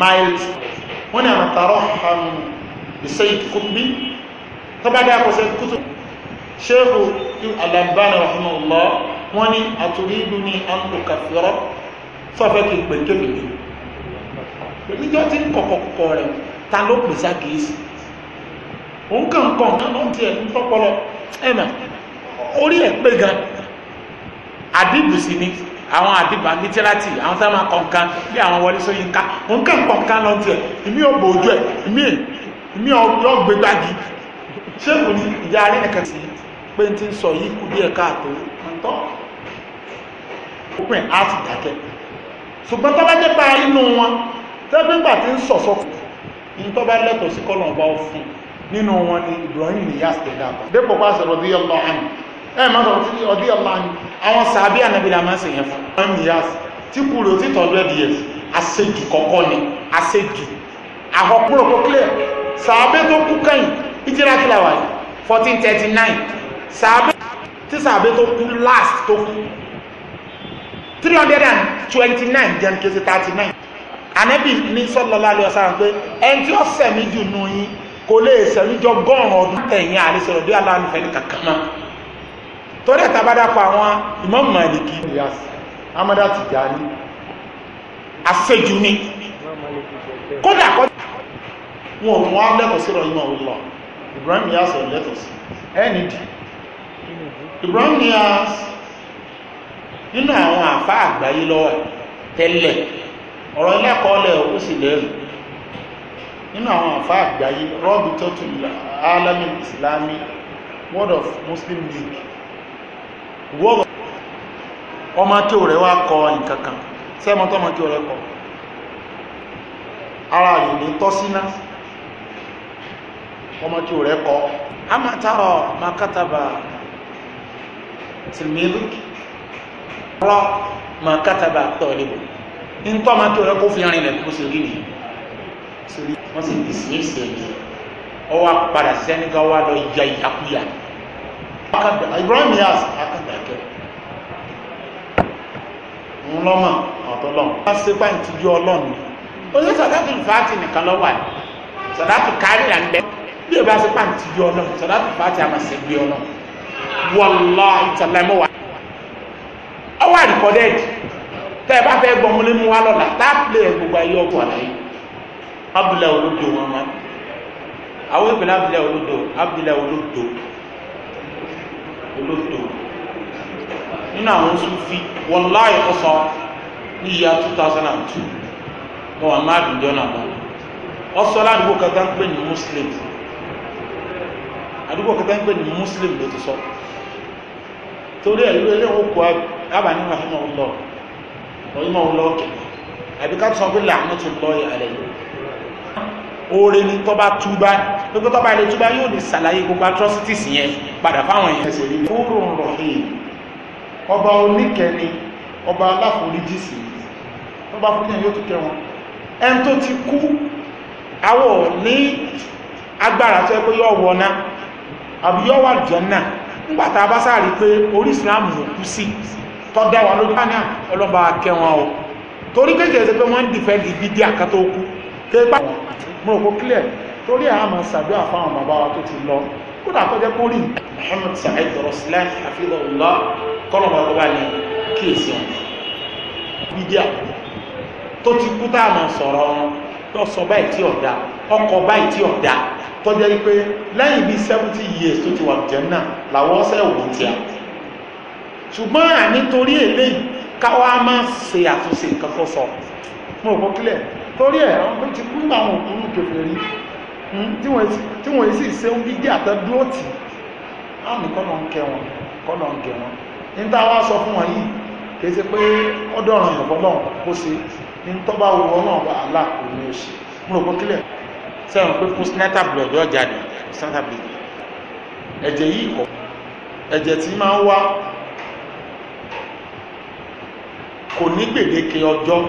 Speaker 1: miles wọ́n ni àmàtàrọ̀ hàn ìsẹ́yìn kúbí tó bá dá kọ́ sẹ́yìn kutub ṣéhù al-Albani rahimahullah wọ́n ni àtúrídù ní àmàkàfẹ́rọ̀ sọ́fẹ́ kí pè kébìlì ìjọ ta ló pèsè àkíyèsí òun kàn kàn kàn ló ń tiẹ̀ ń tọ́pọ̀lọ ẹ̀mà orí ẹ̀ pé gan àdìbù sí ni àwọn àdìbà lítírátì àwọn tá máa kọ̀ǹkan bí àwọn wọlé Ṣóyínká òǹkà kọ̀ǹkan lọ tiẹ̀ ìmí ò bòójú ẹ̀ ìmí ìmí ò gbégbági ṣé kò ní ìyá rí nìkan sí pé n ti ń sọ yìí kú díẹ̀ káàtó tọ́ òpin á sì dákẹ́ ṣùgbọ́n tó bá jẹ́ pa inú wọn tẹ́bí ńgbà tí ń sọ̀sọ́ kù ní tó bá lẹ́tọ̀ọ́ sí kọ́lọ̀ ọba ọ̀fun nínú wọn ni Ibrahim Niyas tẹ̀lé àbá dépò pàṣẹ rọ̀bí ọlọ́hàn ẹ má sọ ọdí ọlá ni àwọn sàbí ànàbìlà máa ń sèyàn fún one years tí kúrò tí tọ́jú ẹ̀ díẹ̀ kọ̀ọ̀kọ́ ni àṣejù àkọ́kúrò tó clear sàbí tó kú kẹ́yìn ìjìlá kìlà wà yìí fourteen thirty nine sàbí tí sàbí tó kú last tó kú three hundred and twenty nine jẹun kí n ṣe thirty nine ànábì ní sallallahu alaihi wasallam pé ẹni tí ó sẹ̀mí jù nù yín kò lè sẹ̀mí jọ gọ́ọ̀rùn ọdún tẹ̀yìn àrísọ̀rọ̀ bí aláàánú fẹ́ ní kàkàmá torí ẹ̀ta bá àwọn Maliki amada Tijani afẹ́jú ní kódà kọjá wọn ò wọ́n lẹ́tọ̀ sí rọ̀yìnmọ̀ Ibrahim Niass ò lẹ́tọ̀ ẹni dì Ibrahim Niass nínú àwọn àfá àgbáyé lọ́wọ́ tẹ́lẹ̀ ọ̀rọ̀ ilẹ́kọ̀ọ́ lẹ̀ ó sì lẹ́rù nínú àwọn àfá àgbáyé rọ́bì tó tún islami word of muslim league wọ́rọ̀ ọmọ tí ò rẹ̀ wá kọ nǹkankan sẹ́mọ́ tọ́mọ tí ò rẹ̀ kọ ara rẹ̀ ní tọ́síná ọmọ tí ò rẹ̀ kọ a máa tààrọ makátàbà tìmílù rọ makátàbà tọ́lébù ní tọ́mọ tí ò rẹ̀ kó fi rìn lẹ̀ kó sì rí nìyí wọ́n sì dismiss ẹ̀mí ọwọ́ padà sẹ́ni ká lọ ya ìyàkúyà Ibrahim ńlọ́mọ̀ ọ̀tọ́lọ́mọ̀ wọ́n ṣe pa ìtìjú ọlọ́run ni oní sọ̀dátù fàátì nìkan lọ́wọ́ àná sọ̀dátù kárí à ń bẹ́ bí o bá ṣe pa ìtìjú ọlọ́run sọ̀dátù fàátì àmà ṣe gbé ọlọ́run wọ́lọ́ ìtàlẹ́mọ̀ wa ọwọ́ àdìkọ́dẹ́ẹ̀dì tẹ́ ẹ bá fẹ́ gbọmọlé mu wa lọ́la táàpìlẹ̀ gbogbo ayé ọkọ̀ àlàyé abdulẹ̀ olódo wọn ma àwọn ìpínlẹ̀ abdulẹ̀ olódo abdulẹ̀ olódo olódo nínú àwọn fi wọn láì ọsọ ní ìyá 2002 wọn wà má dùn jọ náà bá ọsọ ládùúgbò kankan pé ní Muslim àdúgbò kankan pé ní Muslim ló ti sọ torí ẹ̀ lórí ẹ̀wọ̀n kọ́ abàní rahimahu Allah rahimahu Allah kẹ̀ àbí ká sọ pé làánú ti lọ yà rẹ̀ oore ni tọ́ba túbá pé tọ́ba ilé túbá yóò lè ṣàlàyé gbogbo atrocities yẹn padà fáwọn èèyàn sì rí fúrò ń rọ̀ yìí ọba oníkẹni ọba aláforíjì sí tó bá fún yóò tó kẹ wọn ẹn tó ti kú àwọ̀ ní agbára tó ẹgbẹ́ yọ́ wọná àbí yọ́ wà jọ́nà nígbàtà bá sáàrí pé orí ìsìláàmù kú sí tọ́dá wà lójú o torí kéèkéè sí pé wọ́n ń dìfẹ́ di dídí àkátó kú kéèpá mọ́ òkú clear torí àmà sàbí àfáwọn bàbá wa tó ti lọ kódà tó jẹ́ kórì Muhammad Sa'id Raslan hafidhahullah kọ́nà bá kọ́ bá ní kíyèsí wọn bídíà tó ti kú tá a mọ̀ sọ̀rọ̀ wọn tó sọ báyìí tí ọ̀dà ọkọ̀ báyìí tí ọ̀dà tọ́jú ẹni pé lẹ́yìn bíi seventy years tó ti wà jẹ́ náà làwọn ọ̀sẹ̀ òun ti à ṣùgbọ́n ànítorí eléyìí káwá máa ṣe àtúnṣe nǹkan tó sọ mo rò pọ́ kílẹ̀ torí ẹ̀ ọmọ ti kú nígbà àwọn òkúrú kèfèrí hmm, tí wọ́n sì ṣe ń bídíà tán dúró tì á nìkan náà ń kẹ wọn kọ́ ń gẹ wọn ní táwa sọ fún wọn yìí kìí ṣe pé ọdọ ọ̀ràn ìyànfọ́ náà kó ṣe ní tó bá wọ náà bá àlá kò ní o ṣe mo rò pé kílẹ̀ sẹ́wọ̀n pé postnatal blood yóò jáde postnatal blood ẹ̀jẹ̀ yìí kọ̀ ẹ̀jẹ̀ tí máa ń wá kò ní gbèdéke ọjọ́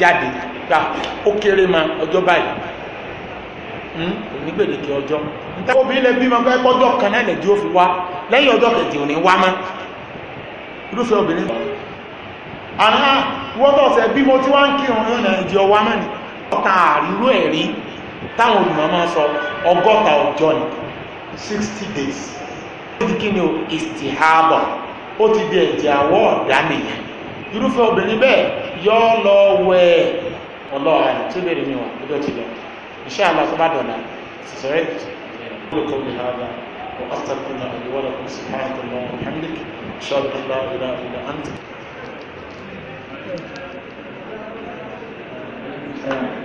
Speaker 1: jáde gbà ó kéré ma ọjọ́ báyìí hmm? kò ní gbèdéke ọjọ́ nítorí obìnrin lè bímọ pé ọjọ́ kan náà lè di ó fi wá lẹ́yìn ọjọ́ kẹ̀tì ò ní wá mọ́ irúfẹ́ obìnrin àná wọ́tọ̀ọ̀sẹ̀ bí mo tí wá ń kírun ní ìjọ wa mẹ́rin ọ̀ta àrírú ẹ̀rí táwọn olùmọ̀ máa sọ ọgọ́ta ọjọ́ ni sixty days ó ti kí ni o istihaba ó ti di ẹ̀jẹ̀ àwọ̀ ọ̀dá nìyẹn irúfẹ́ obìnrin bẹ́ẹ̀ yọ lọ wẹ ọlọ́run tí ó bèrè mi wọn ọjọ́ ti lọ iṣẹ́ àlọ́ tó bá dọ̀nà sọ̀rọ̀ ẹ̀ kọ́ mi hàn án wọ́n á sàkóso àwọn ìwọ́lọ́kùn sí máa ń tọ́lọ́ ọ̀hún أشهد أن لا إله إلا أنت Thank you.